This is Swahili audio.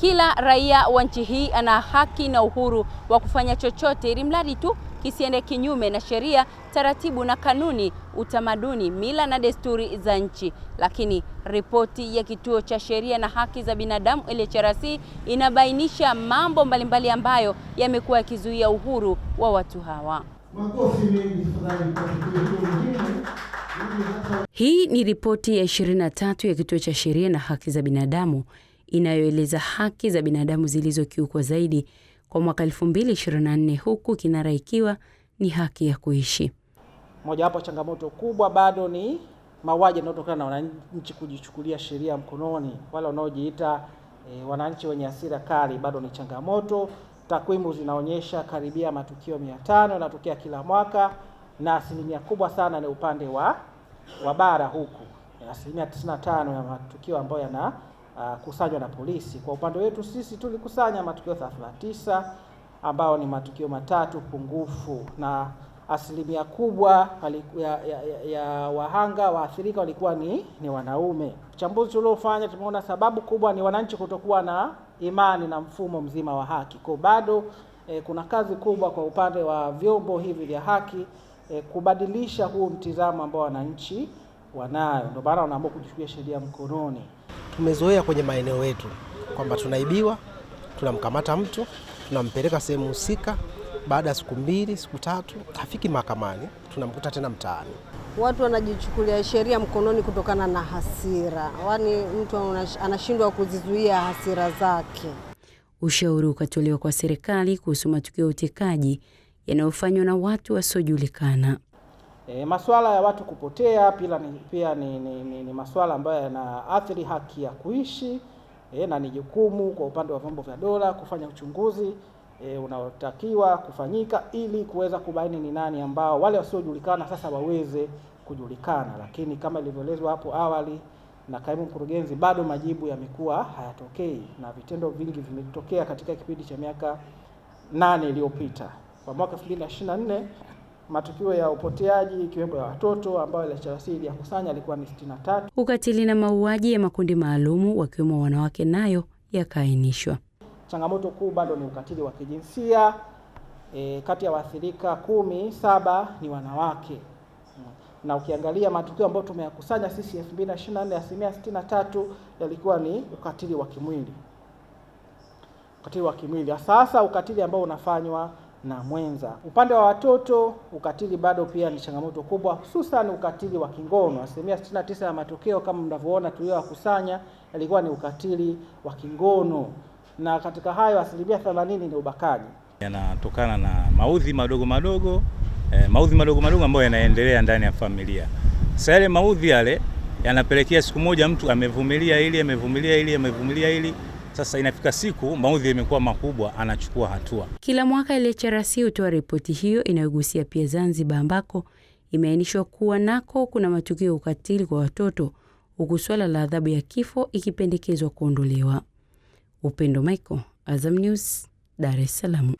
Kila raia wa nchi hii ana haki na uhuru wa kufanya chochote ili mradi tu kisiende kinyume na sheria, taratibu na kanuni, utamaduni, mila na desturi za nchi. Lakini ripoti ya Kituo cha Sheria na Haki za Binadamu LHRC inabainisha mambo mbalimbali ambayo yamekuwa yakizuia uhuru wa watu hawa. Hii ni ripoti ya 23 ya Kituo cha Sheria na Haki za Binadamu inayoeleza haki za binadamu zilizokiukwa zaidi kwa mwaka 2024 huku kinara ikiwa ni haki ya kuishi. Mojawapo changamoto kubwa bado ni mauaji yanayotokana na wananchi kujichukulia sheria mkononi. Wale wanaojiita e, wananchi wenye hasira kali bado ni changamoto. Takwimu zinaonyesha karibia matukio mia tano yanatokea kila mwaka, na asilimia kubwa sana ni upande wa, wa bara huku, e, asilimia 95 ya matukio ambayo yana uh, kusanywa na polisi. Kwa upande wetu sisi tulikusanya matukio 39 ambao ni matukio matatu pungufu na asilimia kubwa ya, ya, ya wahanga waathirika walikuwa ni, ni wanaume. Uchambuzi tuliofanya tumeona sababu kubwa ni wananchi kutokuwa na imani na mfumo mzima wa haki. Kwa bado eh, kuna kazi kubwa kwa upande wa vyombo hivi vya haki eh, kubadilisha huu mtizamo ambao wananchi wanayo, ndio maana wanaamua kujichukulia sheria mkononi tumezoea kwenye maeneo yetu kwamba tunaibiwa, tunamkamata mtu tunampeleka sehemu husika, baada ya siku mbili siku tatu hafiki mahakamani, tunamkuta tena mtaani. Watu wanajichukulia sheria mkononi kutokana na hasira, yaani mtu anashindwa kuzizuia hasira zake. Ushauri ukatolewa kwa serikali kuhusu matukio ya utekaji yanayofanywa na watu wasiojulikana. E, masuala ya watu kupotea pia ni, pia ni, ni, ni, ni masuala ambayo yanaathiri haki ya kuishi e, na ni jukumu kwa upande wa vyombo vya dola kufanya uchunguzi e, unaotakiwa kufanyika ili kuweza kubaini ni nani ambao wale wasiojulikana sasa waweze kujulikana. Lakini kama ilivyoelezwa hapo awali na kaimu mkurugenzi, bado majibu yamekuwa hayatokei na vitendo vingi vimetokea katika kipindi cha miaka nane iliyopita. Kwa mwaka 2024 matukio ya upoteaji ikiwepo ya watoto ambayo LHRC iliyakusanya yalikuwa ni tatu. Ukatili na mauaji ya makundi maalumu wakiwemo wanawake nayo yakaainishwa. Changamoto kuu bado ni ukatili wa kijinsia e, kati ya waathirika kumi, saba ni wanawake na ukiangalia matukio ambayo tumeyakusanya sisi 2024, asilimia 63 yalikuwa ni ukatili wa kimwili, ukatili wa kimwili. Sasa ukatili ambao unafanywa na mwenza. Upande wa watoto, ukatili bado pia ni changamoto kubwa, hususan ukatili wa kingono. Asilimia 69 ya matokeo kama mnavyoona tuliyowakusanya yalikuwa ni ukatili wa kingono, na katika hayo asilimia 80 ni ubakaji, yanatokana na maudhi madogo madogo eh, maudhi madogo madogo ambayo yanaendelea ndani ya familia. Sasa yale maudhi yale yanapelekea siku moja mtu amevumilia ili amevumilia ili amevumilia ili sasa inafika siku maudhi yamekuwa makubwa, anachukua hatua. Kila mwaka LHRC hutoa ripoti hiyo inayogusia pia Zanzibar, ambako imeainishwa kuwa nako kuna matukio ya ukatili kwa watoto, huku swala la adhabu ya kifo ikipendekezwa kuondolewa. Upendo Michael, Azam News, Dar es Salaam.